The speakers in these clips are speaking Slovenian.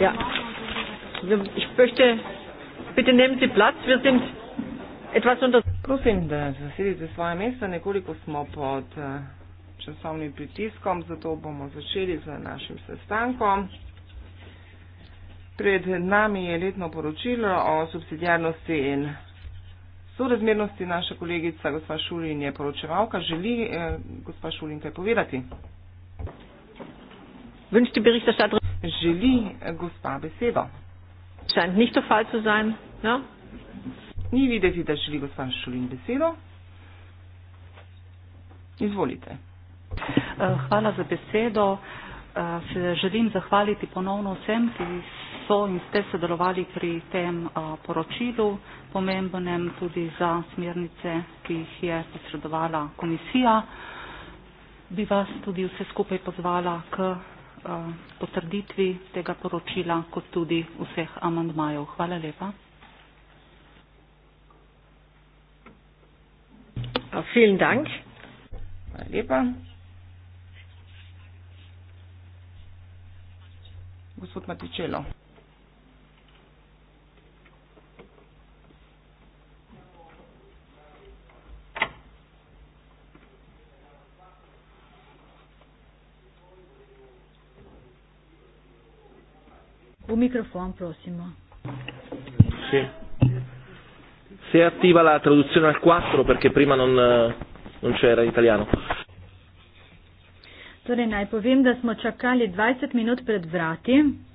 Ja. Ich möchte, bitte nehmen Sie Platz, wir sind etwas unter. Prosim, da zasedite svoje mesto, nekoliko smo pod eh, časovnim pritiskom, zato bomo začeli z našim sestankom. Pred nami je letno poročilo o subsidijarnosti in sorazmernosti. Naša kolegica gospa Šulin je poročevalka. Želi eh, gospa Šulin kaj povedati? Vnšti berichterstatter želi eh, gospa besedo. Ni videti, da želi gospa Šulin besedo. Izvolite. Eh, hvala za besedo. Eh, se želim zahvaliti ponovno vsem, ki so in ste sodelovali pri tem poročilu, pomembnem tudi za smernice, ki jih je posredovala komisija. Bi vas tudi vse skupaj pozvala k Eh, potrditvi tega poročila kot tudi vseh amandmajev. Hvala lepa. Eh, vielen Dank. Hvala lepa. Gospod Matičelo. O microfone próximo. Sì. Se attiva la traduzione al 4 perché prima non, eh, non c'era in italiano. Torej, naj povem, da smo čakali 20 minut pred vrati.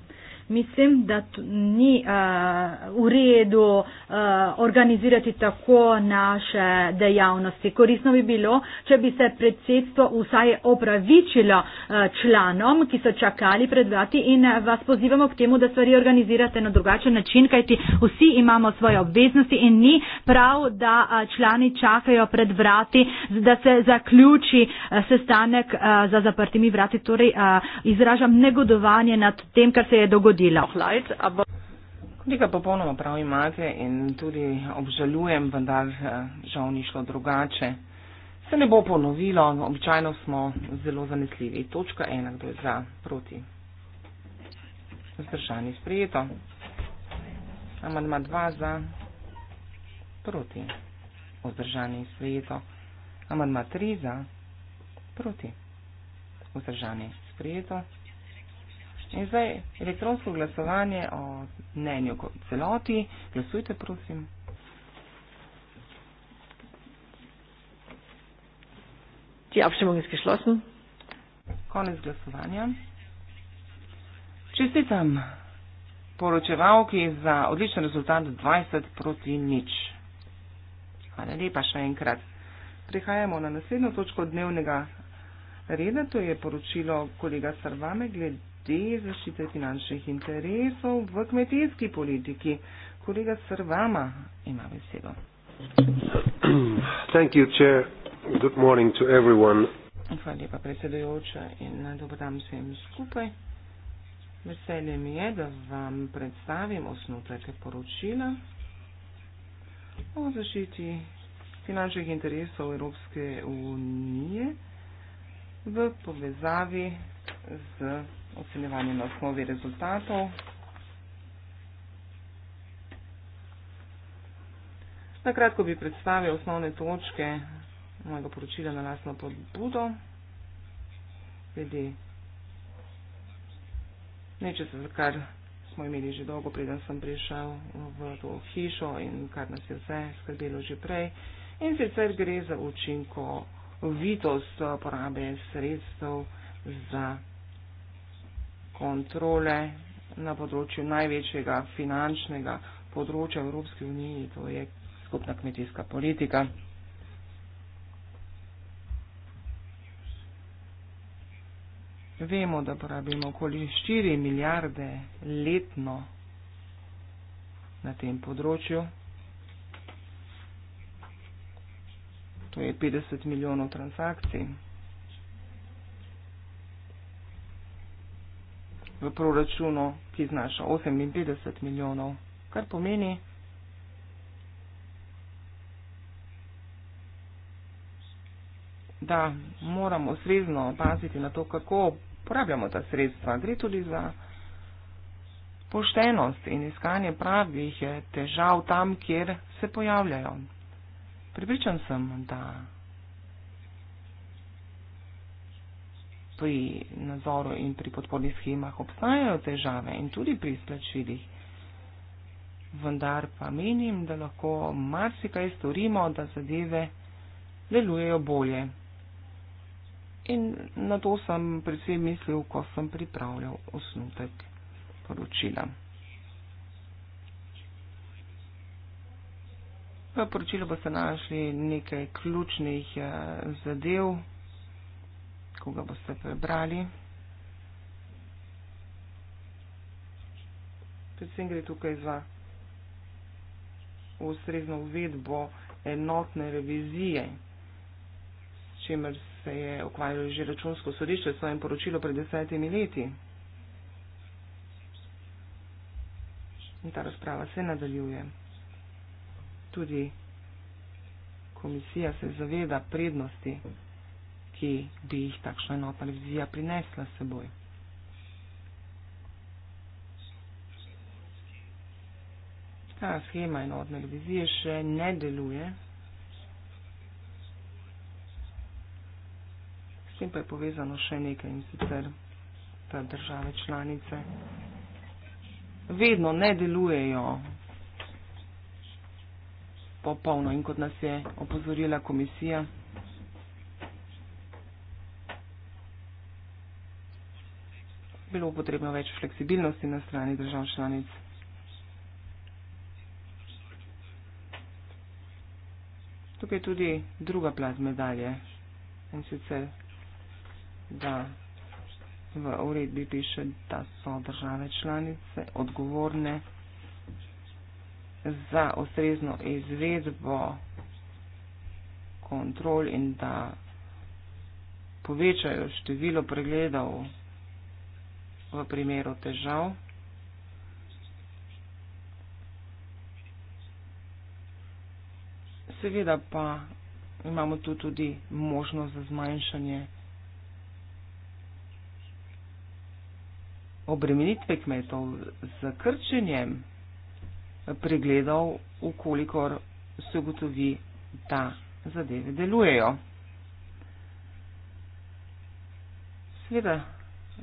Mislim, da ni uh, v redu uh, organizirati tako naše dejavnosti. Korisno bi bilo, če bi se predsedstvo vsaj opravičilo uh, članom, ki so čakali pred vrati in vas pozivamo k temu, da stvari organizirate na drugačen način, kajti vsi imamo svoje obveznosti in ni prav, da uh, člani čakajo pred vrati, da se zaključi uh, sestanek uh, za zaprtimi vrati. Torej, uh, izražam negodovanje nad tem, kar se je dogodilo zgodilo. Nekaj popolnoma prav imate in tudi obžalujem, vendar eh, žal ni šlo drugače. Se ne bo ponovilo, običajno smo zelo zanesljivi. Točka ena, kdo je za, proti. Zdržanje sprejeto. Amandma dva za, proti. Vzdržanje sprejeto. Amandma tri za, proti. Vzdržanje sprejeto. In zdaj elektronsko glasovanje o mnenju kot celoti. Glasujte, prosim. Die Abstimmung ist geschlossen. Konec glasovanja. Čestitam poročevalki za odličen rezultat 20 proti nič. Hvala lepa še enkrat. Prihajamo na naslednjo točko dnevnega reda, to je poročilo kolega Sarvame glede glede zaščite finančnih interesov v kmetijski politiki. Kolega Srvama ima besedo. Thank you, chair. Good morning to everyone. Hvala lepa, predsedujoča, in dobro dan vsem skupaj. Veselje mi je, da vam predstavim osnutek poročila o zaščiti finančnih interesov Evropske unije v povezavi z ocenjevanje na osnovi rezultatov. Nakratko bi predstavil osnovne točke mojega poročila na lastno podbudo. Glede nečesa, za kar smo imeli že dolgo, preden sem prišel v to hišo in kar nas je vse skrbelo že prej. In sicer gre za učinkovitost porabe sredstev za kontrole na področju največjega finančnega področja Evropske unije, to je skupna kmetijska politika. Vemo, da porabimo okoli 4 milijarde letno na tem področju. To je 50 milijonov transakcij. v proračunu, ki znaša 58 milijonov, kar pomeni, da moramo srezno paziti na to, kako uporabljamo ta sredstva. Gre tudi za poštenost in iskanje pravih težav tam, kjer se pojavljajo. Pripričan sem, da pri nadzoru in pri podpornih schemah obstajajo težave in tudi pri splačilih. Vendar pa menim, da lahko marsikaj storimo, da zadeve delujejo bolje. In na to sem predvsem mislil, ko sem pripravljal osnutek poročila. V poročilu boste našli nekaj ključnih eh, zadev, ko ga boste prebrali. Predvsem gre tukaj za ustrezno uvedbo enotne revizije, s čimer se je ukvarjalo že računsko sodišče s svojim poročilom pred desetimi leti. In ta razprava se nadaljuje. Tudi komisija se zaveda prednosti ki bi jih takšna enota ali vizija prinesla s seboj. Ta schema enotne vizije še ne deluje. S tem pa je povezano še nekaj in sicer ta države članice vedno ne delujejo popolno in kot nas je opozorila komisija. bilo potrebno več fleksibilnosti na strani držav članic. Tukaj je tudi druga plat medalje in sicer, da v uredbi piše, da so države članice odgovorne za ustrezno izvedbo kontrol in da povečajo število pregledov v primeru težav. Seveda pa imamo tu tudi možnost za zmanjšanje obremenitve kmetov z krčenjem pregledov, ukolikor se ugotovi, da zadeve delujejo. Seveda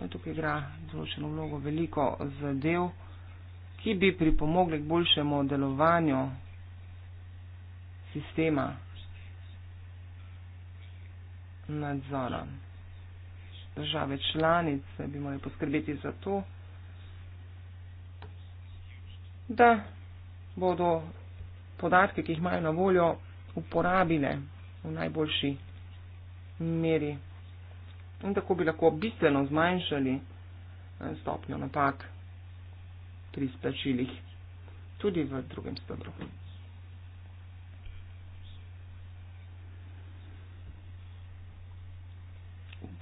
Eh, tukaj igra določeno vlogo veliko zadev, ki bi pripomogli k boljšemu delovanju sistema nadzora. Države članice bi morali poskrbeti za to, da bodo podatke, ki jih imajo na voljo, uporabile v najboljši meri. In tako bi lahko bistveno zmanjšali eh, stopnjo napak pri splačilih tudi v drugem stebru.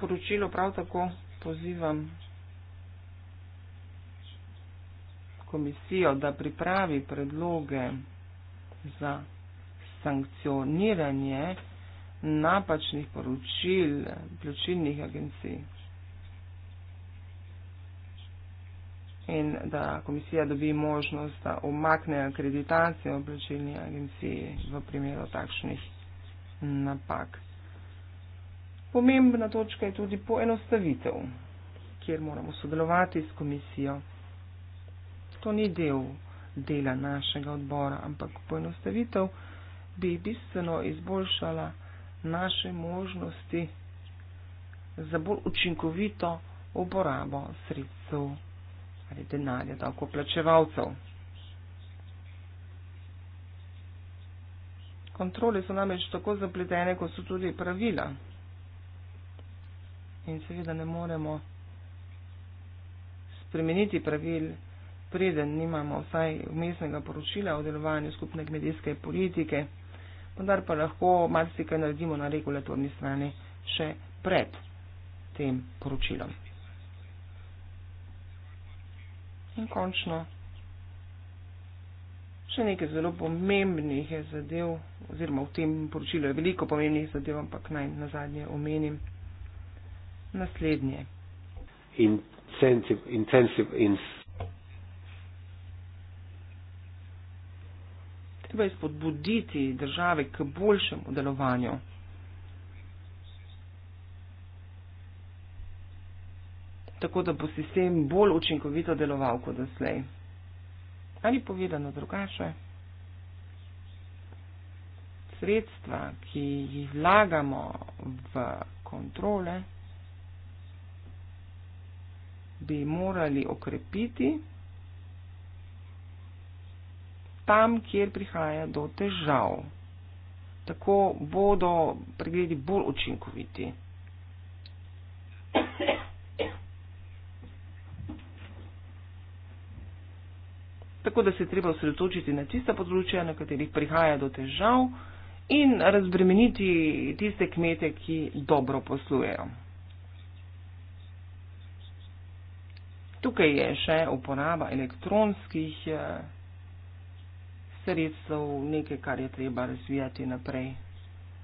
Poročilo prav tako pozivam komisijo, da pripravi predloge za sankcioniranje napačnih poročil plačilnih agencij. In da komisija dobi možnost, da omakne akreditacijo plačilni agenciji v primeru takšnih napak. Pomembna točka je tudi poenostavitev, kjer moramo sodelovati s komisijo. To ni del dela našega odbora, ampak poenostavitev bi bistveno izboljšala naše možnosti za bolj učinkovito uporabo sredstev ali denarja davkoplačevalcev. Kontrole so namreč tako zapletene, kot so tudi pravila. In seveda ne moremo spremeniti pravil, preden nimamo vsaj umestnega poročila o delovanju skupne kmedijske politike vendar pa lahko marsikaj naredimo na regulatorni strani še pred tem poročilom. In končno, še nekaj zelo pomembnih je zadev, oziroma v tem poročilu je veliko pomembnih zadev, ampak naj na zadnje omenim naslednje. In intensive, intensive, intensive. treba je spodbuditi države k boljšemu delovanju. Tako da bo sistem bolj učinkovito deloval kot doslej. Ali povedano drugače, sredstva, ki jih vlagamo v kontrole, bi morali okrepiti tam, kjer prihaja do težav. Tako bodo pregledi bolj učinkoviti. Tako da se je treba osredotočiti na tista področja, na katerih prihaja do težav in razbremeniti tiste kmete, ki dobro poslujejo. Tukaj je še uporaba elektronskih. Eh, sredstev, nekaj, kar je treba razvijati naprej,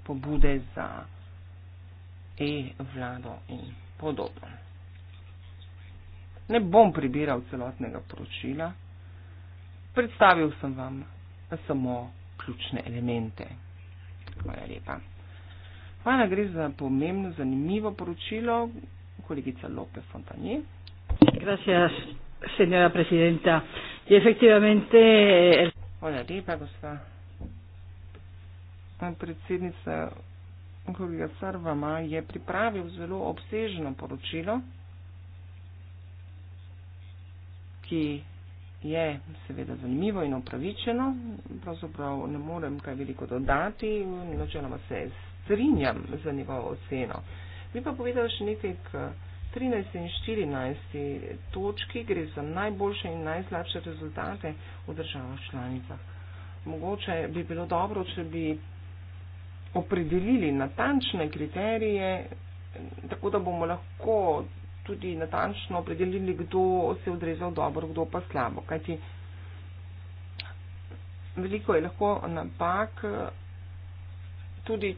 pobude za e-vlado in podobno. Ne bom pribiral celotnega poročila, predstavil sem vam samo ključne elemente. Hvala lepa. Hvala, gre za pomembno, zanimivo poročilo, kolegica Lope Fontanje. Gracias, señora presidenta. Y efectivamente. Eh, Hvala lepa, gospa. Predsednica Gorja Sarvama je pripravil zelo obsežno poročilo, ki je seveda zanimivo in upravičeno. Pravzaprav ne morem kaj veliko dodati, načeloma se strinjam za njegovo oceno. Bi pa povedal še nekaj, kar 13 in 14 točki gre za najboljše in najslabše rezultate v državah članicah. Mogoče bi bilo dobro, če bi opredelili natančne kriterije, tako da bomo lahko tudi natančno opredelili, kdo se je odrezal dobro, kdo pa slabo. Kajti veliko je lahko napak tudi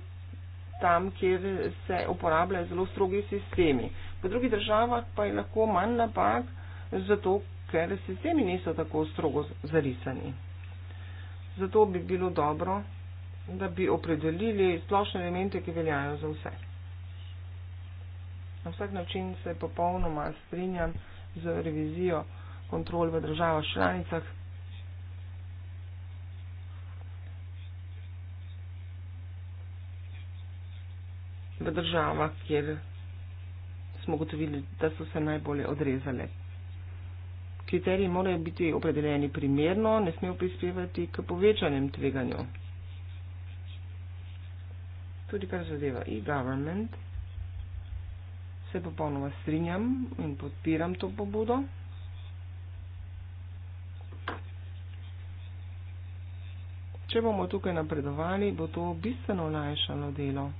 tam, kjer se uporabljajo zelo strogi sistemi v drugih državah pa je lahko manj napak, zato ker sistemi niso tako strogo zarisani. Zato bi bilo dobro, da bi opredelili splošne elemente, ki veljajo za vse. Na vsak način se popolnoma strinjam z revizijo kontrol v državah članicah. V državah, kjer smo gotovili, da so se najbolje odrezale. Kriteriji morajo biti opredeljeni primerno, ne smejo prispevati k povečanjem tveganju. Tudi kar zadeva e-government, se popolnoma strinjam in podpiram to pobudo. Če bomo tukaj napredovali, bo to bistveno olajšalo delo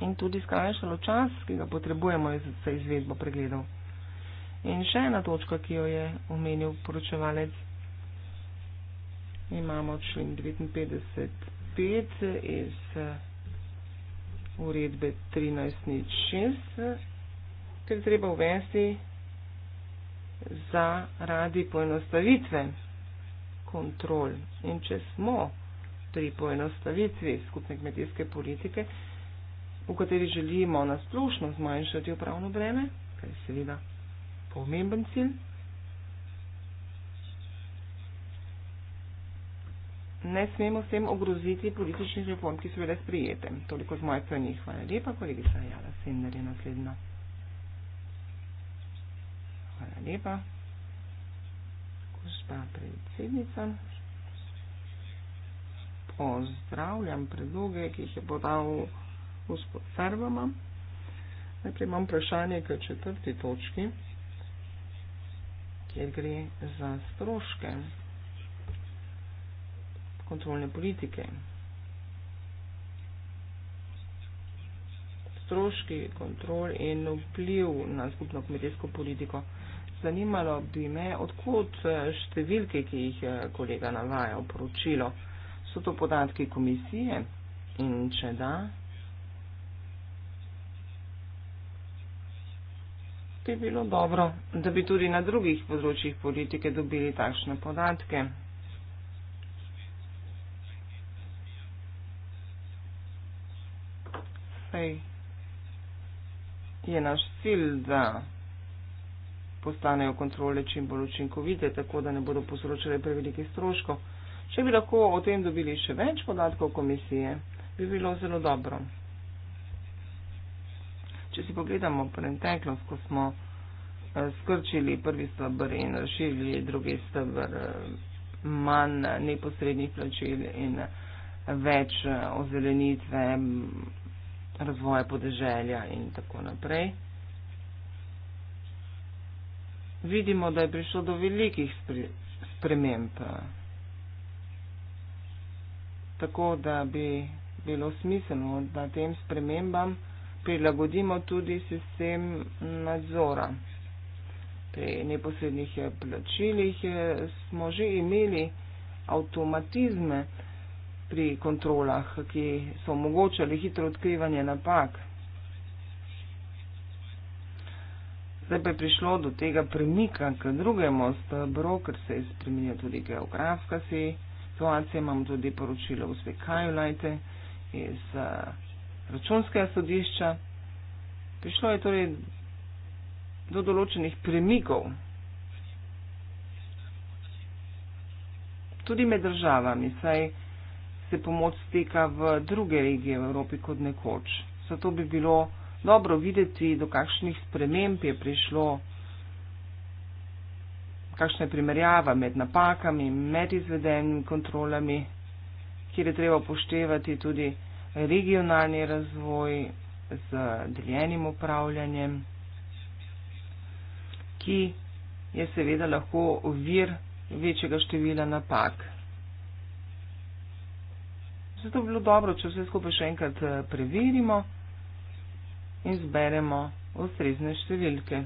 in tudi skrajšalo čas, ki ga potrebujemo za izvedbo pregledov. In še ena točka, ki jo je omenil poročevalec, imamo člen 59.5 iz uredbe 13.6, ker treba uvesti zaradi poenostavitve kontrol. In če smo pri poenostavitvi skupne kmetijske politike, v kateri želimo nasplošno zmanjšati upravno breme, kar je seveda pomemben cilj. Ne smemo s tem ogroziti političnih reform, ki so bile sprijete. Toliko z moje strani. Hvala lepa, kolegica Jala Sender je naslednja. Hvala lepa. Gospa predsednica. Pozdravljam predloge, ki jih je podal gospod Sarvama. Najprej imam vprašanje k četrti točki, kjer gre za stroške kontrolne politike. Stroški kontrol in vpliv na skupno kmetijsko politiko. Zanimalo bi me, odkot številke, ki jih kolega navaja v poročilo, so to podatki komisije in če da, bi bilo dobro, da bi tudi na drugih področjih politike dobili takšne podatke. Sej je naš cilj, da postanejo kontrole čim bolj učinkovite, tako da ne bodo posročale prevelike stroškov. Če bi lahko o tem dobili še več podatkov komisije, bi bilo zelo dobro če si pogledamo preteklost, ko smo eh, skrčili prvi stebr in razširili drugi stebr, eh, manj neposrednih plačil in eh, več ozelenitve, razvoja podeželja in tako naprej. Vidimo, da je prišlo do velikih sprememb. Tako da bi bilo smiselno, da tem spremembam prilagodimo tudi sistem nadzora. Pri neposrednih eh, plačilih eh, smo že imeli avtomatizme pri kontrolah, ki so omogočali hitro odkrivanje napak. Zdaj pa je prišlo do tega premika k drugemu stebru, ker se je spremenila tudi geografska situacija. Imamo tudi poročilo uspeh Kajulajte iz. Uh, računskega sodišča. Prišlo je torej do določenih premikov tudi med državami, saj se pomoč steka v druge regije v Evropi kot nekoč. Zato bi bilo dobro videti, do kakšnih sprememb je prišlo, kakšna je primerjava med napakami, med izvedenimi kontrolami, kjer je treba upoštevati tudi regionalni razvoj z deljenim upravljanjem, ki je seveda lahko vir večjega števila napak. Zato bi bilo dobro, če vse skupaj še enkrat eh, preverimo in zberemo ustrezne številke.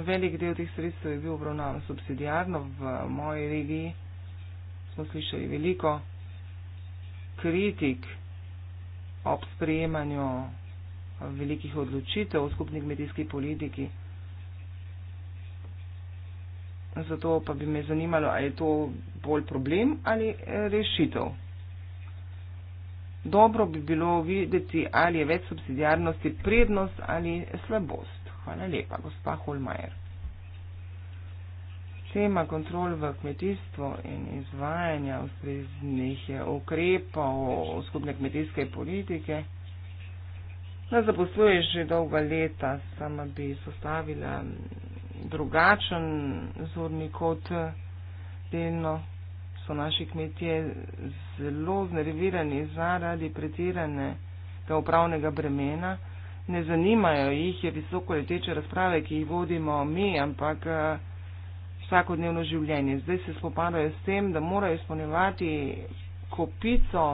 Velik del teh sredstev je bil obravnavan subsidijarno, v moji regiji smo slišali veliko kritik ob sprejemanju velikih odločitev v skupni kmetijski politiki. Zato pa bi me zanimalo, ali je to bolj problem ali rešitev. Dobro bi bilo videti, ali je več subsidijarnosti prednost ali slabost. Hvala lepa, gospa Holmajer. Tema kontrol v kmetijstvu in izvajanja ustreznih ukrepov skupne kmetijske politike. Na zaposluje že dolga leta, sama bi sostavila drugačen zorni kot delno. So naši kmetije zelo znervirani zaradi pretiranega upravnega bremena ne zanimajo jih visoko leteče razprave, ki jih vodimo mi, ampak eh, vsakodnevno življenje. Zdaj se spopadajo s tem, da morajo izpolnjevati kopico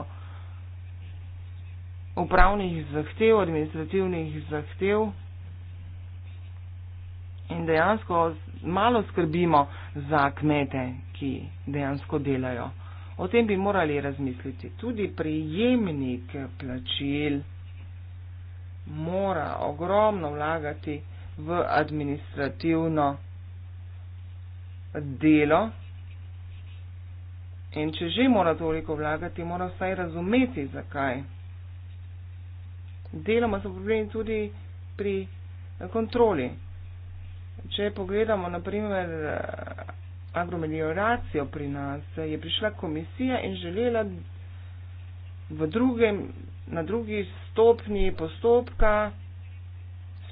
upravnih zahtev, administrativnih zahtev in dejansko malo skrbimo za kmete, ki dejansko delajo. O tem bi morali razmisliti. Tudi prijemnik plačil mora ogromno vlagati v administrativno delo. In če že mora toliko vlagati, mora vsaj razumeti, zakaj. Deloma so problemi tudi pri kontroli. Če pogledamo naprimer eh, agromeliorizacijo pri nas, je prišla komisija in želela v drugem, na drugi stopnji postopka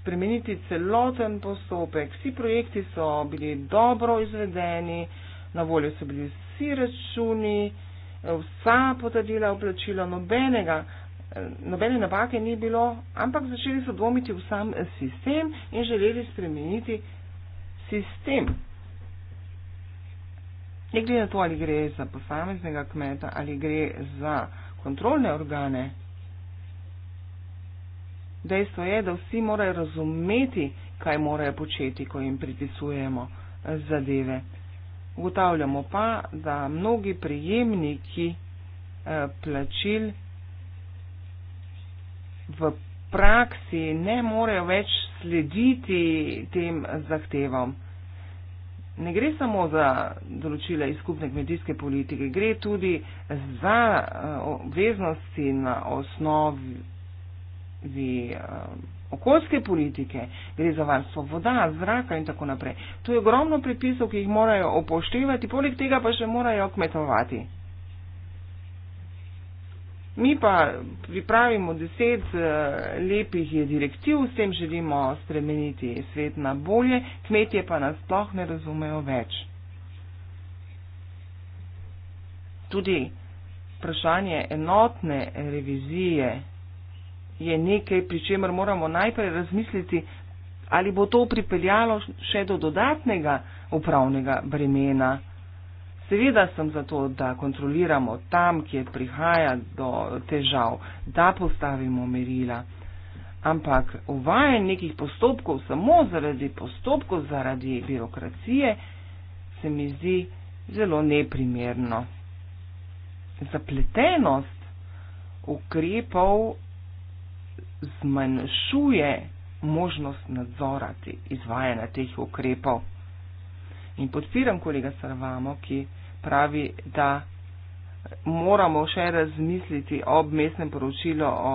spremeniti celoten postopek. Vsi projekti so bili dobro izvedeni, na voljo so bili vsi računi, vsa potrdila vplačila, nobenega, nobene napake ni bilo, ampak začeli so dvomiti v sam sistem in želeli spremeniti sistem. Ne glede na to, ali gre za posameznega kmeta ali gre za kontrolne organe. Dejstvo je, da vsi morajo razumeti, kaj morajo početi, ko jim pritisujemo eh, zadeve. Ugotavljamo pa, da mnogi prijemniki eh, plačil v praksi ne morejo več slediti tem zahtevam ne gre samo za določile izkupne kmetijske politike, gre tudi za eh, obveznosti na osnovi eh, okoljske politike, gre za varstvo voda, zraka in tako naprej. To je ogromno predpisov, ki jih morajo upoštevati, poleg tega pa še morajo kmetovati. Mi pa pripravimo deset eh, lepih direktiv, s tem želimo spremeniti svet na bolje, kmetje pa nas sploh ne razumejo več. Tudi vprašanje enotne revizije je nekaj, pri čemer moramo najprej razmisliti, ali bo to pripeljalo še do dodatnega upravnega bremena. Seveda sem zato, da kontroliramo tam, kjer prihaja do težav, da postavimo merila, ampak uvajanje nekih postopkov samo zaradi postopkov, zaradi birokracije, se mi zdi zelo neprimerno. Zapletenost ukrepov zmanjšuje možnost nadzorati izvajanja teh ukrepov. In podpiram kolega Sarvamo, ki pravi, da moramo še razmisliti ob mestnem poročilu o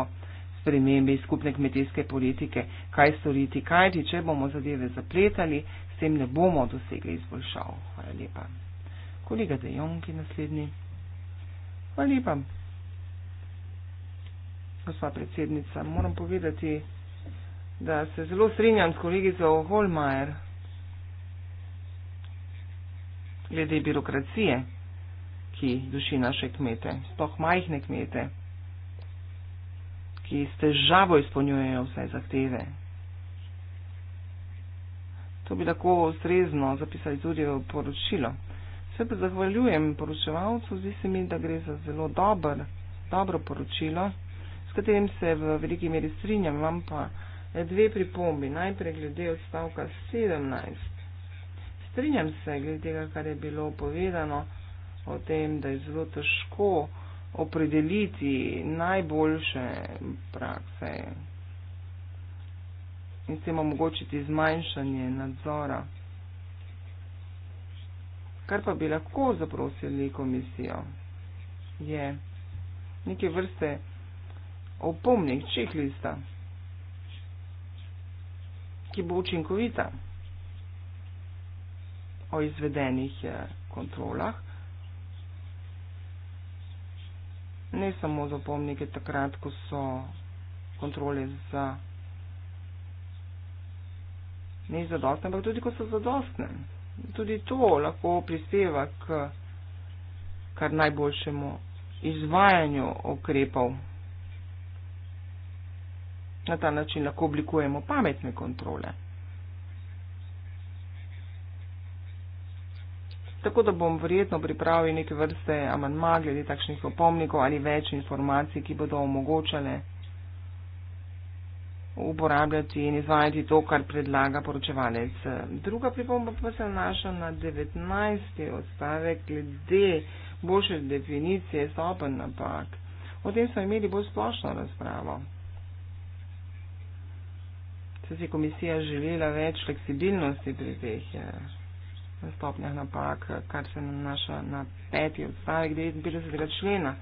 spremembi skupne kmetijske politike, kaj storiti, kajti če bomo zadeve zapletali, s tem ne bomo dosegli izboljšav. Hvala lepa. Kolega Dejonki naslednji. Hvala lepa. Gospa predsednica, moram povedati, da se zelo strinjam s kolegico Holmajer glede birokracije, ki duši naše kmete, sploh majhne kmete, ki s težavo izpolnjujejo vse zahteve. To bi lahko ustrezno zapisali tudi v poročilo. Se pa zahvaljujem poročevalcu, zdi se mi, da gre za zelo dober, dobro poročilo, s katerim se v veliki meri strinjam, vam pa dve pripombi. Najprej glede odstavka 17 strinjam se glede tega, kar je bilo povedano o tem, da je zelo težko opredeliti najboljše prakse in s tem omogočiti zmanjšanje nadzora. Kar pa bi lahko zaprosili komisijo, je neke vrste opomnik čehlista, ki bo učinkovita o izvedenih eh, kontrolah. Ne samo za opomnike takrat, ko so kontrole za ne zadostne, ampak tudi, ko so zadostne. Tudi to lahko prispeva k kar najboljšemu izvajanju okrepov. Na ta način lahko oblikujemo pametne kontrole. tako da bom verjetno pripravil neke vrste amandma glede takšnih opomnikov ali več informacij, ki bodo omogočale uporabljati in izvajati to, kar predlaga poročevalec. Druga pripomba pa se nanaša na 19. odstavek glede boljše definicije stopen napak. O tem smo imeli bolj splošno razpravo. Se si komisija želela več fleksibilnosti pri teh eh, stopnjah napak, kar se nanaša na peti odstavek 59. člena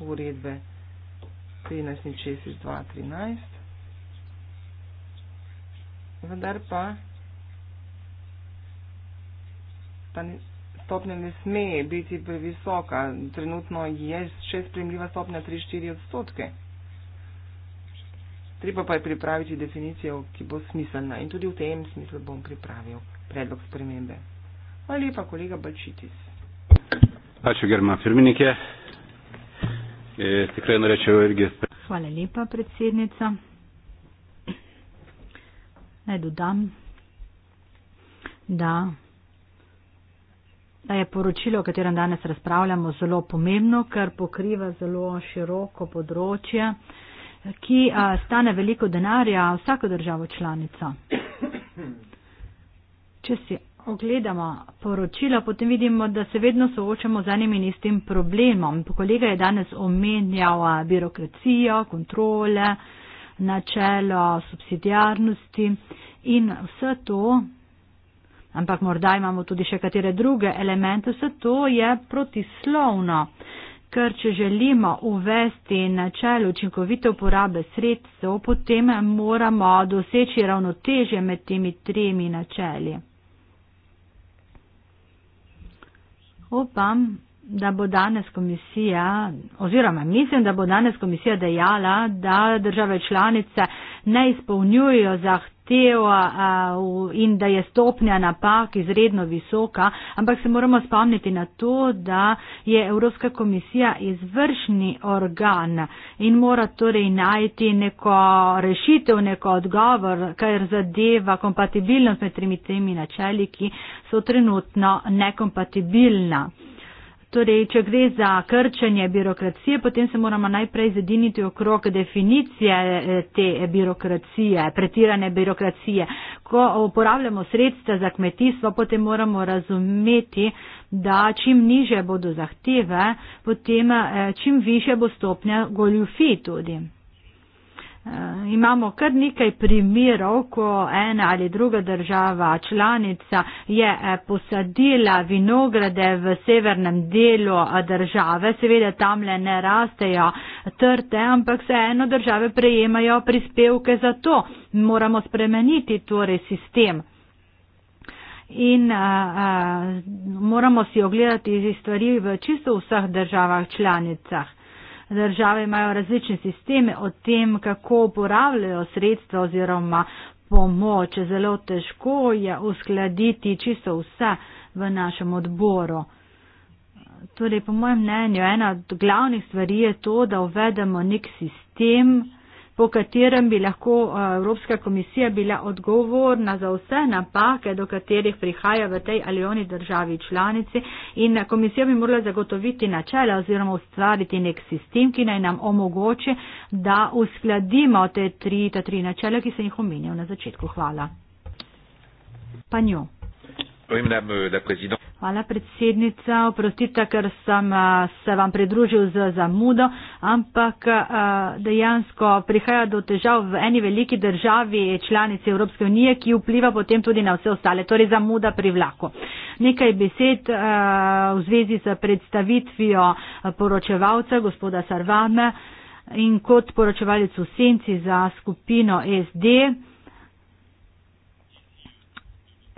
uredbe 13.6.2.13. Vendar pa ta stopnja ne sme biti previsoka. Trenutno je še sprejemljiva stopnja 3-4 odstotke. Treba pa je pripraviti definicijo, ki bo smiselna in tudi v tem smislu bom pripravil predlog spremembe. Hvala lepa, kolega Balčitis. Pač, Germa Firminike, ste krajno reče o RGS. Hvala lepa, predsednica. Naj dodam, da, da je poročilo, o katerem danes razpravljamo, zelo pomembno, ker pokriva zelo široko področje, ki a, stane veliko denarja vsako državo članico. Če si ogledamo poročila, potem vidimo, da se vedno soočamo z enim in istim problemom. Kolega je danes omenjal birokracijo, kontrole, načelo subsidijarnosti in vse to, ampak morda imamo tudi še katere druge elemente, vse to je protislovno. Ker če želimo uvesti načelo učinkovite uporabe sredstev, potem moramo doseči ravnotežje med temi tremi načeli. Opam, da bo danes komisija, oziroma mislim, da bo danes komisija dejala, da države članice ne izpolnjujo zahtev in da je stopnja napak izredno visoka, ampak se moramo spomniti na to, da je Evropska komisija izvršni organ in mora torej najti neko rešitev, neko odgovor, kar zadeva kompatibilnost med temi temi načeli, ki so trenutno nekompatibilna. Torej, če gre za krčenje birokracije, potem se moramo najprej zediniti okrog definicije eh, te birokracije, pretirane birokracije. Ko uporabljamo sredstva za kmetijstvo, potem moramo razumeti, da čim niže bodo zahteve, potem eh, čim više bo stopnja goljufi tudi. Eh, imamo kar nekaj primerov, ko ena ali druga država članica je eh, posadila vinograde v severnem delu eh, države. Seveda tam le ne rastejo trte, ampak se eno države prejemajo prispevke za to. Moramo spremeniti torej sistem. In a, a, moramo si ogledati stvari v čisto vseh državah članicah. Države imajo različne sisteme o tem, kako uporabljajo sredstva oziroma pomoč. Zelo težko je uskladiti čisto vse v našem odboru. Torej, po mojem mnenju, ena od glavnih stvari je to, da uvedemo nek sistem, po katerem bi lahko Evropska komisija bila odgovorna za vse napake, do katerih prihaja v tej ali oni državi članici in komisija bi morala zagotoviti načela oziroma ustvariti nek sistem, ki naj nam omogoče, da uskladimo te tri, ta tri načela, ki sem jih omenjal na začetku. Hvala. Pa njo. Hvala predsednica, oprostite, ker sem se vam pridružil z zamudo, ampak dejansko prihaja do težav v eni veliki državi članici Evropske unije, ki vpliva potem tudi na vse ostale, torej zamuda pri vlaku. Nekaj besed v zvezi z predstavitvijo poročevalca gospoda Sarvame in kot poročevalec v senci za skupino SD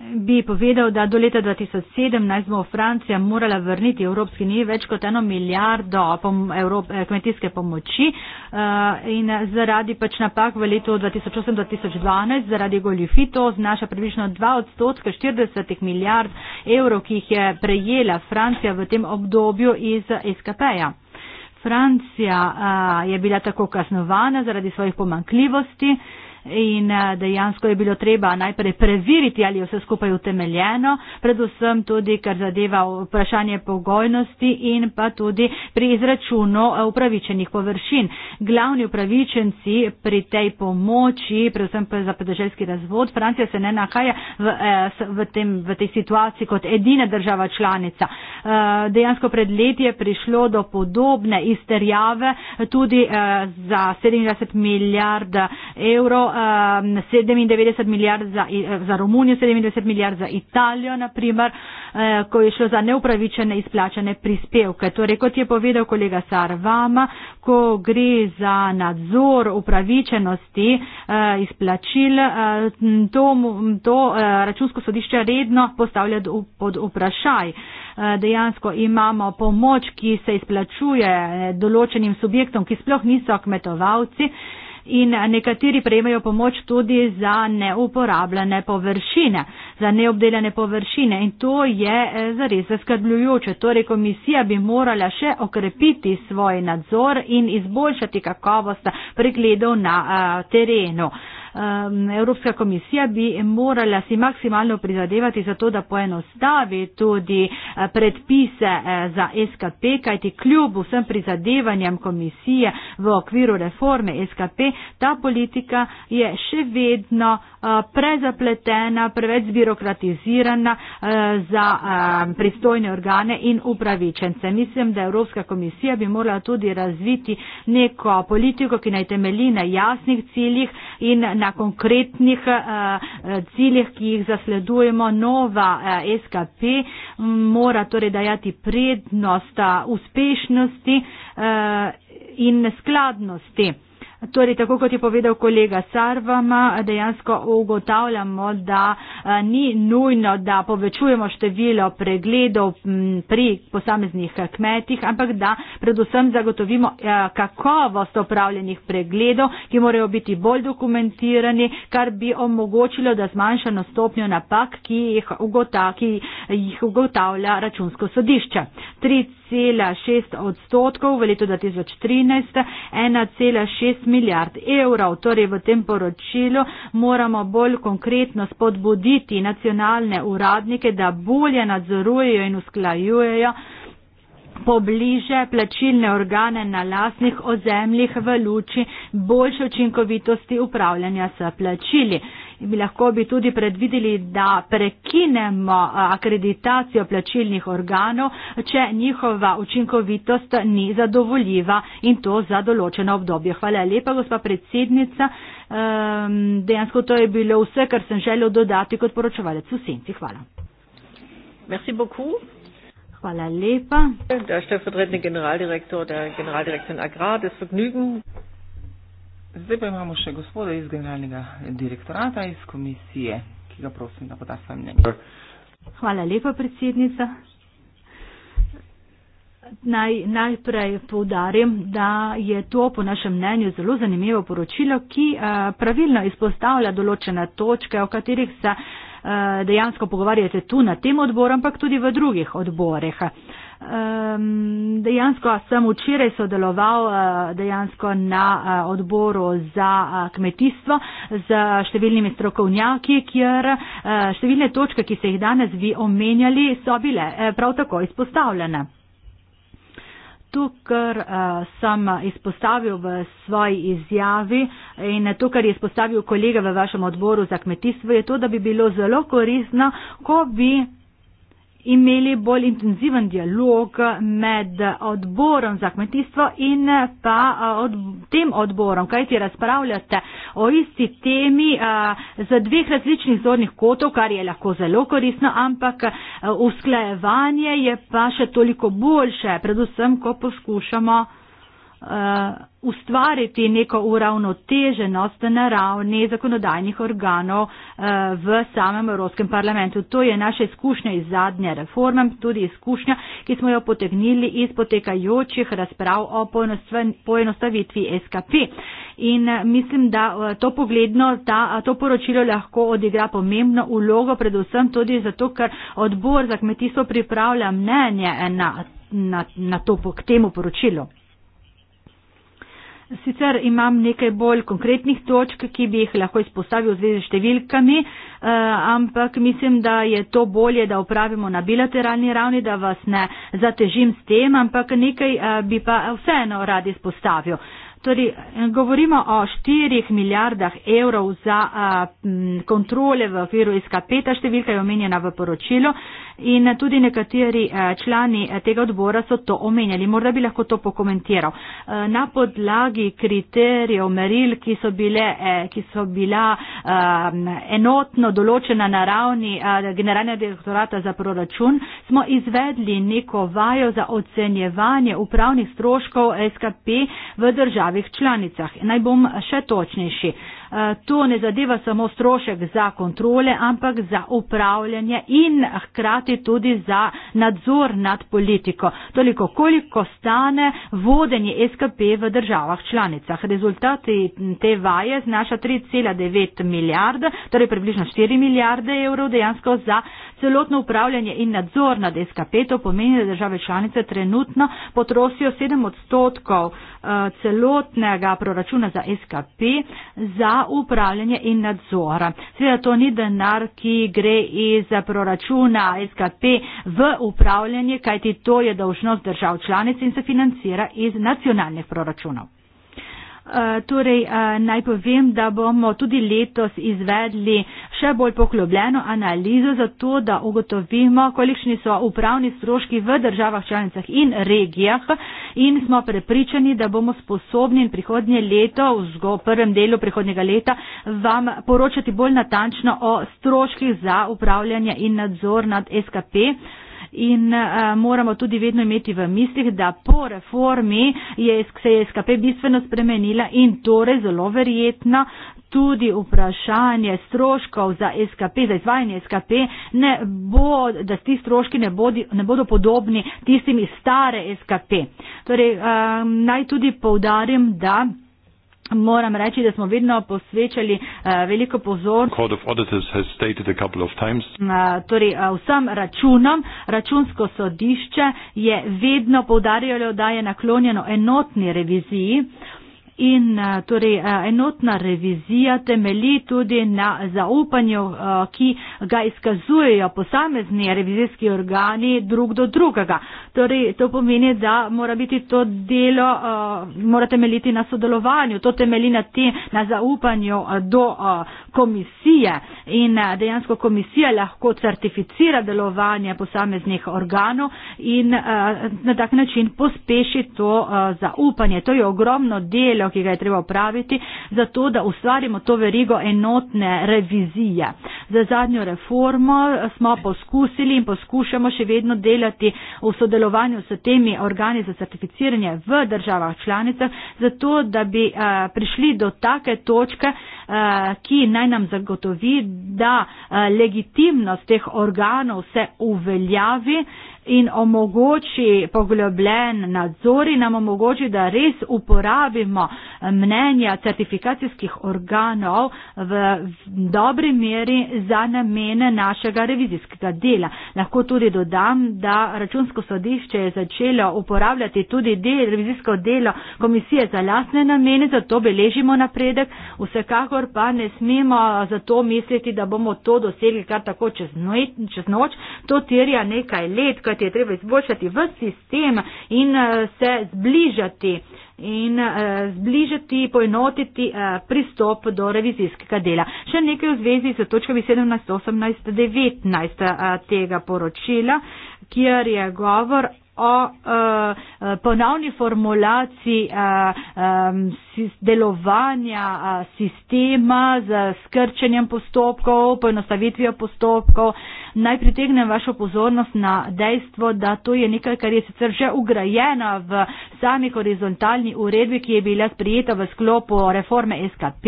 bi povedal, da do leta 2017 bo Francija morala vrniti Evropski uniji več kot eno milijardo pom Evrop eh, kmetijske pomoči uh, in zaradi pač napak v letu 2008-2012, zaradi goljufi, to znaša približno 2 odstotka 40 milijard evrov, ki jih je prejela Francija v tem obdobju iz SKP-ja. Francija uh, je bila tako kaznovana zaradi svojih pomankljivosti. Uh, in eh, dejansko je bilo treba najprej preveriti, ali je vse skupaj utemeljeno, predvsem tudi, kar zadeva vprašanje pogojnosti in pa tudi pri izračunu eh, upravičenih površin. Glavni upravičenci pri tej pomoči, predvsem pa za podeželjski razvod, Francija se ne nahaja v, eh, v, tem, v tej situaciji kot edina država članica. Dejansko pred leti je prišlo do podobne izterjave tudi za 27 milijard evrov 97 um, milijard za, eh, za Romunijo, 97 milijard za Italijo, naprimer, eh, ko je šlo za neupravičene izplačane prispevke. Torej, kot je povedal kolega Sarvama, ko gre za nadzor upravičenosti eh, izplačil, to, to računsko sodišče redno postavlja pod vprašaj. Dejansko imamo pomoč, ki se izplačuje določenim subjektom, ki sploh niso kmetovalci in nekateri prejmejo pomoč tudi za neuporabljene površine, za neobdelane površine in to je eh, zares zaskrbljujoče. Torej komisija bi morala še okrepiti svoj nadzor in izboljšati kakovost pregledov na eh, terenu. Evropska komisija bi morala si maksimalno prizadevati za to, da poenostavi tudi eh, predpise eh, za SKP, kajti kljub vsem prizadevanjem komisije v okviru reforme SKP, ta politika je še vedno eh, prezapletena, preveč zbirokratizirana za pristojne organe in upravičence. Mislim, da Evropska komisija bi morala tudi razviti neko politiko, ki naj temelji na jasnih ciljih in na konkretnih eh, eh, ciljih, ki jih zasledujemo. Nova eh, SKP mora torej dajati prednost uspešnosti in skladnosti. Torej, tako kot je povedal kolega Sarvama, dejansko ugotavljamo, da eh, ni nujno, da povečujemo število pregledov pri posameznih kmetih, ampak da predvsem zagotovimo eh, kakovost opravljenih pregledov, ki morajo biti bolj dokumentirani, kar bi omogočilo, da zmanjšano stopnjo napak, ki jih, ugota, ki jih ugotavlja računsko sodišče. 3,6 odstotkov v letu 2013, 1,6 milijard evrov. Torej v tem poročilu moramo bolj konkretno spodbuditi nacionalne uradnike, da bolje nadzorujejo in usklajujejo pobliže plačilne organe na lasnih ozemljih v luči boljše učinkovitosti upravljanja s plačili bi lahko bi tudi predvideli, da prekinemo akreditacijo plačilnih organov, če njihova učinkovitost ni zadovoljiva in to za določeno obdobje. Hvala lepa, gospa predsednica. Dejansko to je bilo vse, kar sem želel dodati kot poročevalec v senci. Hvala. Merci beaucoup. Hvala lepa. Der er stellvertretende generaldirektor der er Generaldirektion Agrar des Vergnügen. Er Zdaj pa imamo še gospoda iz generalnega direktorata, iz komisije, ki ga prosim, da poda svoje mnenje. Hvala lepa, predsednica. Naj, najprej povdarim, da je to po našem mnenju zelo zanimivo poročilo, ki uh, pravilno izpostavlja določene točke, o katerih se uh, dejansko pogovarjate tu na tem odboru, ampak tudi v drugih odboreh. Uh, Um, dejansko sem včeraj sodeloval uh, dejansko na uh, odboru za uh, kmetijstvo z številnimi strokovnjaki, kjer uh, številne točke, ki ste jih danes vi omenjali, so bile uh, prav tako izpostavljene. Tukaj uh, sem izpostavil v svoji izjavi in to, kar je izpostavil kolega v vašem odboru za kmetijstvo, je to, da bi bilo zelo korisno, ko bi imeli bolj intenziven dialog med odborom za kmetijstvo in pa od, tem odborom, kaj ti razpravljate o isti temi a, z dveh različnih zornih kotov, kar je lahko zelo koristno, ampak usklajevanje je pa še toliko boljše, predvsem, ko poskušamo. Eh, ustvariti neko uravnoteženost na ravni zakonodajnih organov eh, v samem Evropskem parlamentu. To je naša izkušnja iz zadnje reforme, tudi izkušnja, ki smo jo potegnili iz potekajočih razprav o poenostavitvi SKP. In eh, mislim, da to pogledno, da to poročilo lahko odigra pomembno ulogo, predvsem tudi zato, ker odbor za kmetijstvo pripravlja mnenje na, na, na to, k temu poročilu. Sicer imam nekaj bolj konkretnih točk, ki bi jih lahko izpostavil v zvezi s številkami, eh, ampak mislim, da je to bolje, da upravimo na bilateralni ravni, da vas ne zatežim s tem, ampak nekaj eh, bi pa vseeno radi izpostavil. Torej, eh, govorimo o 4 milijardah evrov za a, eh, m, kontrole v okviru SKP, ta številka je omenjena v poročilu in tudi nekateri a, eh, člani tega odbora so to omenjali. Morda bi lahko to pokomentiral. A, na podlagi kriterijev, meril, ki so, bile, a, ki so bila a, enotno določena na ravni Generalnega direktorata za proračun, smo izvedli neko vajo za ocenjevanje upravnih stroškov SKP v državi državih članicah. Naj bom še točnejši. Eh, to ne zadeva samo strošek za kontrole, ampak za upravljanje in hkrati tudi za nadzor nad politiko. Toliko koliko stane vodenje SKP v državah članicah. Rezultati te vaje znaša 3,9 milijarde, torej približno 4 milijarde evrov dejansko za celotno upravljanje in nadzor nad SKP. To pomeni, da države članice trenutno potrošijo 7 odstotkov eh, celotnega proračuna za SKP za upravljanje in nadzor. Seveda to ni denar, ki gre iz proračuna SKP v upravljanje, kajti to je dožnost držav članic in se financira iz nacionalnih proračunov. Eh, torej eh, naj povem, da bomo tudi letos izvedli še bolj poglobljeno analizo za to, da ugotovimo, kolikšni so upravni stroški v državah članicah in regijah in smo prepričani, da bomo sposobni prihodnje leto, v prvem delu prihodnjega leta, vam poročati bolj natančno o stroških za upravljanje in nadzor nad SKP in uh, moramo tudi vedno imeti v mislih, da po reformi je, se je SKP bistveno spremenila in torej zelo verjetno tudi vprašanje stroškov za SKP, za izvajanje SKP, ne bo, da ti stroški ne, bodi, ne bodo podobni tistim iz stare SKP. Torej, um, naj tudi poudarim, da moram reči, da smo vedno posvečali uh, veliko pozornost uh, torej, uh, vsem računom. Računsko sodišče je vedno povdarjalo, da je naklonjeno enotni reviziji. In eh, torej eh, enotna revizija temelji tudi na zaupanju, eh, ki ga izkazujejo posamezni revizijski organi drug do drugega. Torej, to pomeni, da mora biti to delo, mora temeljiti na sodelovanju, to temelji na, te, na zaupanju do komisije. In dejansko komisija lahko certificira delovanje posameznih organov in na tak način pospeši to zaupanje. To je ogromno delo posel, ki ga je treba opraviti, zato da ustvarimo to verigo enotne revizije. Za zadnjo reformo smo poskusili in poskušamo še vedno delati v sodelovanju s temi organi za certificiranje v državah članicah, zato da bi uh, prišli do take točke, uh, ki naj nam zagotovi, da uh, legitimnost teh organov se uveljavi uh, in omogoči poglobljen nadzor in nam omogoči, da res uporabimo mnenja certifikacijskih organov v dobri meri za namene našega revizijskega dela. Lahko tudi dodam, da računsko sodišče je začelo uporabljati tudi del revizijsko delo komisije za lasne namene, zato beležimo napredek. Vsekakor pa ne smemo zato misliti, da bomo to dosegli kar tako čez noč. To terja nekaj let, kaj izboljšati, je treba izboljšati v sistem in eh, se zbližati in eh, zbližati, poenotiti eh, pristop do revizijskega dela. Še nekaj v zvezi z točkami 17, 18, 19 eh, tega poročila, kjer je govor o uh, ponovni formulaciji uh, um, delovanja uh, sistema z skrčenjem postopkov, poenostavitvijo postopkov. Naj pritegnem vašo pozornost na dejstvo, da to je nekaj, kar je sicer že ugrajena v sami horizontalni uredbi, ki je bila sprijeta v sklopu reforme SKP.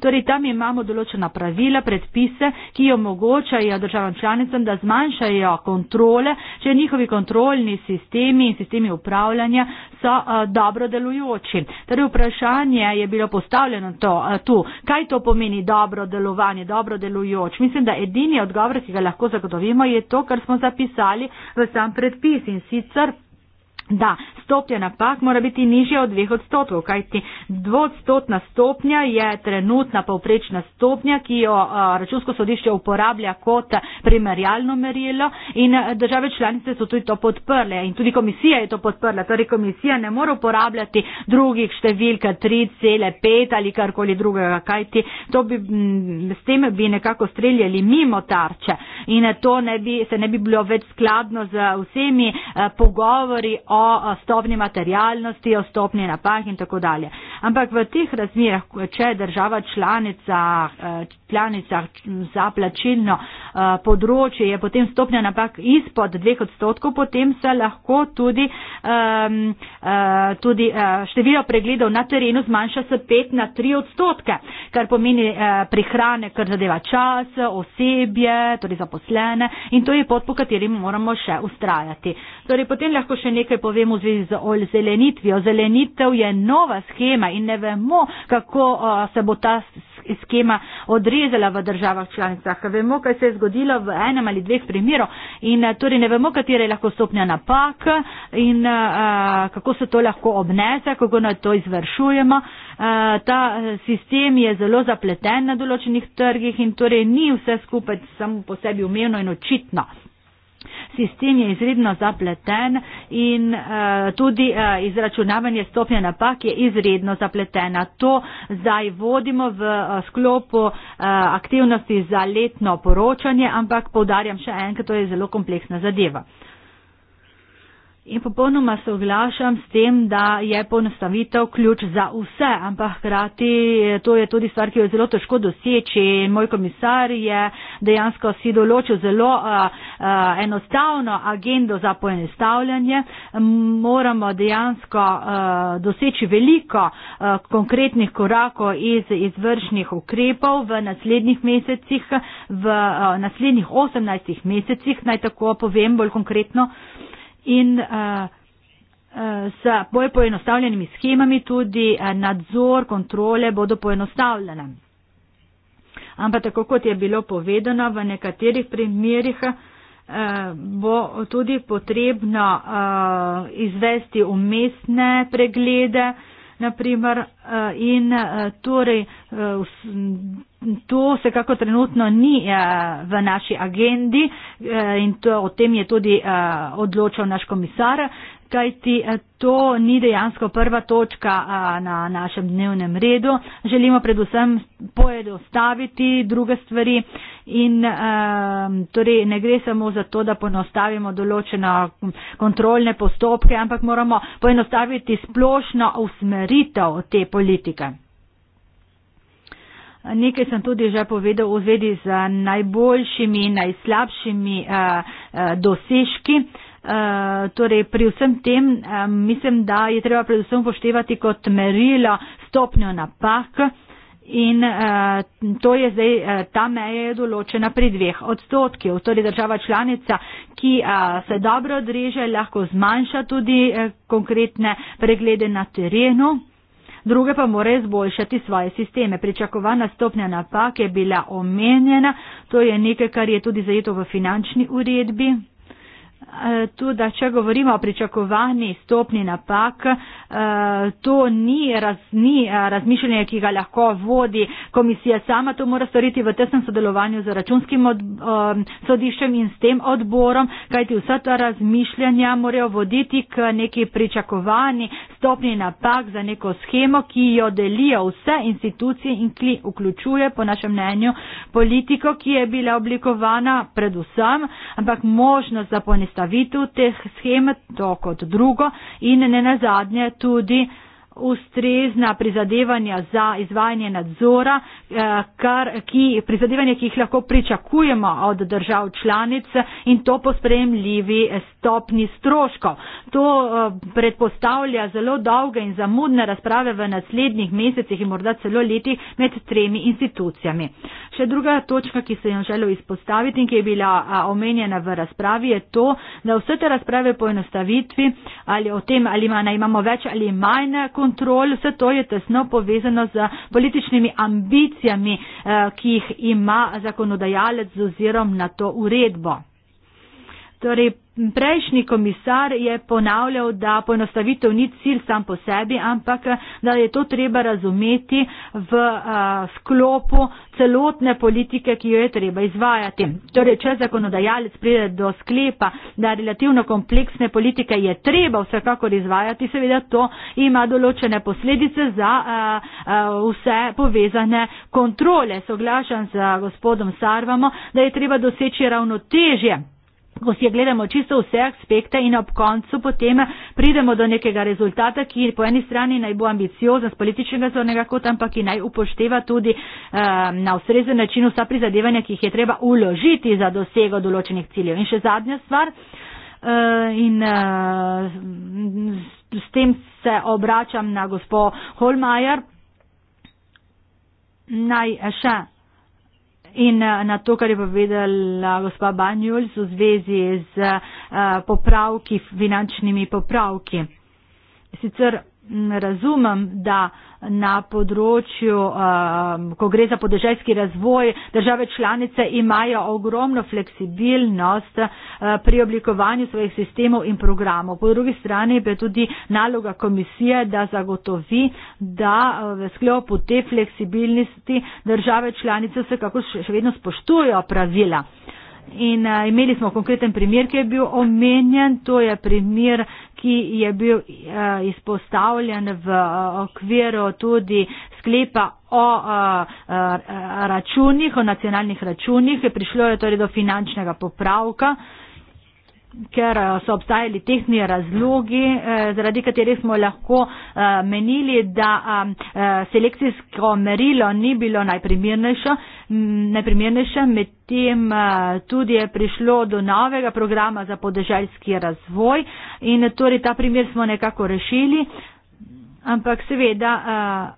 Torej, tam imamo določena pravila, predpise, ki omogočajo državam članicam, da zmanjšajo kontrole, če njihovi kontrolni sistemi sistemi in sistemi upravljanja so eh, dobro delujoči. Torej vprašanje je bilo postavljeno to, eh, tu, kaj to pomeni dobro delovanje, dobro delujoč. Mislim, da edini odgovor, ki ga lahko zagotovimo, je to, kar smo zapisali v sam predpis in sicer Da, stopnja napak mora biti nižja od dveh odstotkov, kajti dvodstotna stopnja je trenutna povprečna stopnja, ki jo računsko sodišče uporablja kot primerjalno merilo in države članice so tudi to podprle in tudi komisija je to podprla. Torej komisija ne more uporabljati drugih številk 3,5 ali karkoli drugega, kajti bi, s tem bi nekako streljali mimo tarče in to ne bi, se ne bi bilo več skladno z vsemi pogovori o stopni materialnosti, o stopni napah in tako dalje. Ampak v teh razmerah, če država članica, eh, članica za plačilno Eh, področje je potem stopnja napak izpod dveh odstotkov, potem se lahko tudi, um, uh, tudi uh, število pregledov na terenu zmanjša se pet na tri odstotke, kar pomeni uh, prihrane, kar zadeva čas, osebje, torej zaposlene in to je pot, po katerim moramo še ustrajati. Torej, potem lahko še nekaj povem v zvezi z ozelenitvijo. Zelenitev je nova schema in ne vemo, kako uh, se bo ta skema odrezala v državah članicah. Vemo, kaj se je zgodilo v enem ali dveh primerov in eh, torej ne vemo, katera je lahko stopnja napak in a, eh, eh, kako se to lahko obnese, kako na to izvršujemo. A, ta sistem je zelo zapleten na določenih trgih in torej ni vse skupaj samo po sebi umevno in očitno sistem je izredno zapleten in uh, tudi uh, izračunavanje stopnje napak je izredno zapletena. To zdaj vodimo v uh, sklopu uh, aktivnosti za letno poročanje, ampak poudarjam še enkrat, to je zelo kompleksna zadeva. In popolnoma se oglašam s tem, da je ponostavitev ključ za vse, ampak hkrati eh, to je tudi stvar, ki jo je zelo težko doseči. Moj komisar je dejansko si določil zelo uh, uh, enostavno agendo za poenostavljanje. Moramo dejansko uh, doseči veliko uh, konkretnih korakov iz izvršnih ukrepov v naslednjih mesecih, v uh, naslednjih 18 mesecih, naj tako povem bolj konkretno. Uh, in eh, eh, s bolj poenostavljenimi schemami tudi eh, nadzor, kontrole bodo poenostavljene. Ampak tako kot je bilo povedano, v nekaterih primerjih bo tudi potrebno izvesti umestne preglede, naprimer, eh, in eh, torej eh, to vsekako trenutno ni v naši agendi in to, o tem je tudi odločal naš komisar, kajti eh, to ni dejansko prva točka eh, na našem dnevnem redu. Želimo predvsem poedostaviti druge stvari in eh, torej ne gre samo za to, da ponostavimo določene hm, kontrolne postopke, ampak moramo poenostaviti splošno usmeritev te politike. Nekaj sem tudi že povedal v zvedi z najboljšimi in najslabšimi dosežki. Eh, torej pri vsem tem eh, mislim, da je treba predvsem upoštevati kot merilo stopnjo napak. In eh, to je zdaj, eh, ta meja je določena pri dveh odstotkih. Torej država članica, ki eh, se dobro odreže, lahko zmanjša tudi eh, konkretne preglede na terenu, druge pa mora izboljšati svoje sisteme. Pričakovana stopnja napak je bila omenjena, to je nekaj, kar je tudi zajeto v finančni uredbi. Eh, tudi če govorimo o pričakovani stopni napak, eh, to ni, raz, ni eh, razmišljanje, ki ga lahko vodi komisija sama, to mora storiti v tesnem sodelovanju z računskim od, sodiščem in s tem odborom, kajti vsa ta razmišljanja morajo voditi k neki pričakovani stopni napak za neko schemo, ki jo delijo vse institucije in ki vključuje, po našem mnenju, politiko, ki je bila oblikovana predvsem, ampak možnost za ponestavljanje postavitev teh schem, to kot drugo in ne nazadnje tudi ustrezna prizadevanja za izvajanje nadzora, eh, kar, ki, prizadevanja, ki jih lahko pričakujemo od držav članic in to po spremljivi stopni stroškov. To eh, predpostavlja zelo dolge in zamudne razprave v naslednjih mesecih in morda celo letih med tremi institucijami. Še druga točka, ki se jo želel izpostaviti in ki je bila eh, omenjena v razpravi, je to, da vse te razprave po enostavitvi ali o tem, ali ima, imamo več ali manj, kontrol, vse to je tesno povezano z političnimi ambicijami, eh, ki jih ima zakonodajalec oziroma na to uredbo. Torej, prejšnji komisar je ponavljal, da poenostavitev ni cilj sam po sebi, ampak da je to treba razumeti v a, eh, sklopu celotne politike, ki jo je treba izvajati. Torej, če zakonodajalec pride do sklepa, da relativno kompleksne politike je treba vsekakor izvajati, seveda to ima določene posledice za a, eh, a, eh, vse povezane kontrole. Soglašam z gospodom Sarvamo, da je treba doseči ravnotežje. Ko si gledamo čisto vse aspekte in ob koncu potem pridemo do nekega rezultata, ki po eni strani naj bo ambiciozen z političnega zornega kota, ampak ki naj upošteva tudi um, na ustrezen način vsa prizadevanja, ki jih je treba uložiti za dosego določenih ciljev. In še zadnja stvar. Uh, in uh, eh, s, s tem se obračam na gospod Holmajer. Naj še. Uh, in eh, na to, kar je povedala gospa Banjul v zvezi z eh, popravki, finančnimi popravki. Sicer razumem, da na področju, um, ko gre za podeželjski razvoj, države članice imajo ogromno fleksibilnost uh, pri oblikovanju svojih sistemov in programov. Po drugi strani pa je tudi naloga komisije, da zagotovi, da uh, v sklopu te fleksibilnosti države članice vsekako še vedno spoštujo pravila in a, imeli smo konkreten primer, ki je bil omenjen. To je primer, ki je bil a, izpostavljen v a, okviru tudi sklepa o a, a, računih, o nacionalnih računih. Prišlo je torej do finančnega popravka. A, ker eh, so obstajali tehni razlogi, eh, zaradi katerih smo lahko eh, menili, da selekcijsko merilo ni bilo najprimernejše. najprimernejše med tem tudi je prišlo do novega programa za podeželjski razvoj in torej ta primer smo nekako rešili, ampak seveda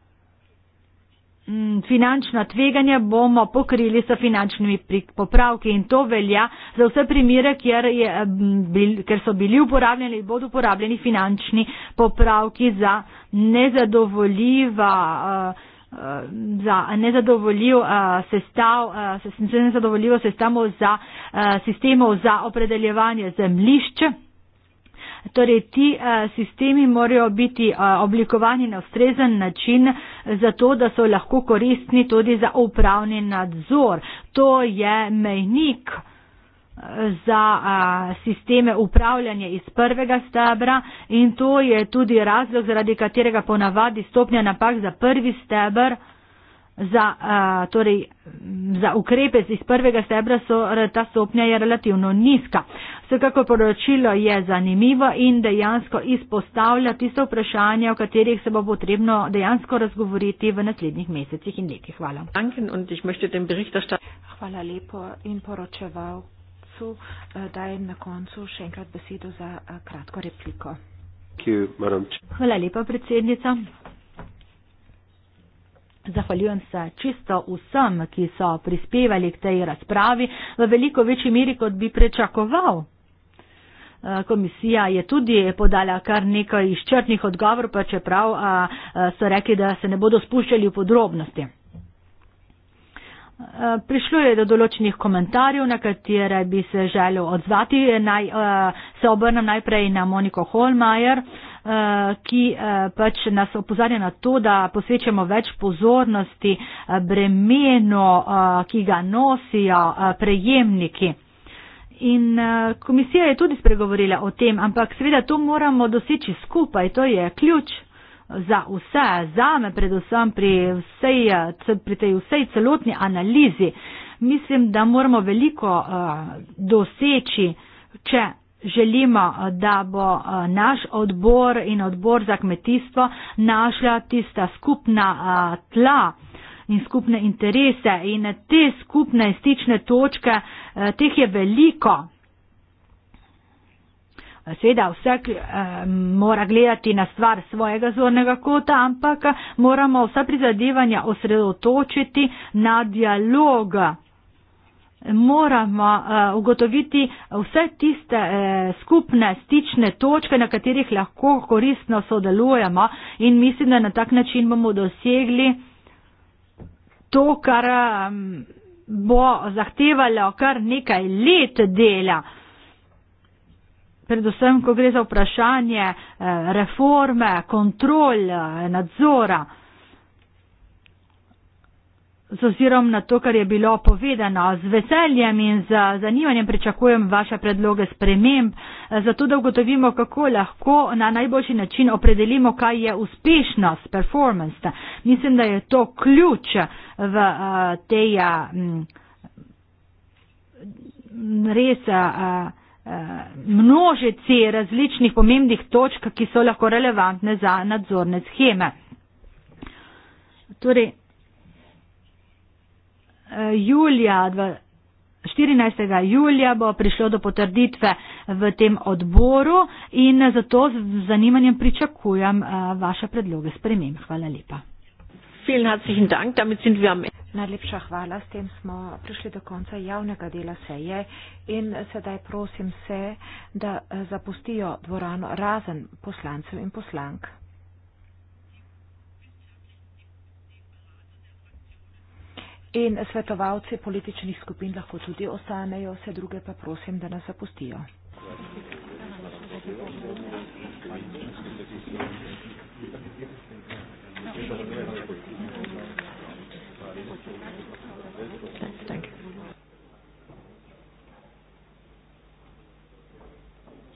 Mm, finančna tveganja bomo pokrili s finančnimi popravki in to velja za vse primere, kjer, je, mm, bil, kjer so bili uporabljeni in bodo uporabljeni finančni popravki za nezadovoljiva. Uh, za nezadovoljiv eh, sestav, nezadovoljivo sestavo za sistemov za opredeljevanje zemlišče. Torej, ti a, eh, sistemi morajo biti a, eh, oblikovani na ustrezen način, zato da so lahko koristni tudi za upravni nadzor. To je mejnik eh, za a, sisteme upravljanja iz prvega stebra in to je tudi razlog, zaradi katerega ponavadi stopnja napak za prvi stebr. Za, uh, torej, za ukrepe iz prvega stebra so, ta stopnja je relativno nizka. Uh, Vsekakor poročilo je zanimivo in dejansko izpostavlja tisto vprašanje, o katerih se bo potrebno dejansko razgovoriti v naslednjih mesecih in letih. Hvala. Hvala lepo in poročevalcu eh, dajem na koncu še enkrat besedo za eh, kratko repliko. Hvala lepa, predsednica. Zahvaljujem se čisto vsem, ki so prispevali k tej razpravi v veliko večji meri, kot bi pričakoval. Eh, komisija je tudi podala kar nekaj izčrpnih odgovor, pa čeprav eh, eh, so rekli, da se ne bodo spuščali v podrobnosti. Prišlo je do določenih komentarjev, na katere bi se želel odzvati. Naj, se obrnem najprej na Moniko Holmajer, ki pač nas opozarja na to, da posvečamo več pozornosti bremeno, ki ga nosijo prejemniki. In uh, komisija je tudi spregovorila o tem, ampak seveda to moramo doseči skupaj, to je ključ za vse, za me predvsem pri, vsej, eh, pri tej vsej celotni analizi. Mislim, da moramo veliko uh, doseči, če želimo, da bo naš odbor in odbor za kmetijstvo našla tista skupna tla, in skupne interese. In te skupne stične točke, eh, teh je veliko. Seveda vsak eh, mora gledati na stvar svojega zornega kota, ampak moramo vsa prizadevanja osredotočiti na dialog. Moramo eh, ugotoviti vse tiste eh, skupne stične točke, na katerih lahko koristno sodelujemo in mislim, da na tak način bomo dosegli to, kar bo zahtevalo kar nekaj let dela. Predvsem, ko gre za vprašanje eh, reforme, kontrol, eh, nadzora z ozirom na to, kar je bilo povedano, z veseljem in z zanimanjem pričakujem vaše predloge sprememb, eh, zato da ugotovimo, kako lahko na najboljši način opredelimo, kaj je uspešnost, performance. Mislim, da je to ključ eh, v eh, tej res množici različnih pomembnih točk, ki so lahko relevantne za nadzorne scheme. Torej, julija, 14. julija bo prišlo do potrditve v tem odboru in zato z zanimanjem pričakujem eh, vaše predloge spremem. Hvala lepa. Najlepša hvala, s tem smo prišli do konca javnega dela seje in sedaj prosim vse, da eh, zapustijo dvorano razen poslancev in poslank. in svetovalci političnih skupin lahko tudi ostanejo, vse druge pa prosim, da nas zapustijo. Thank you.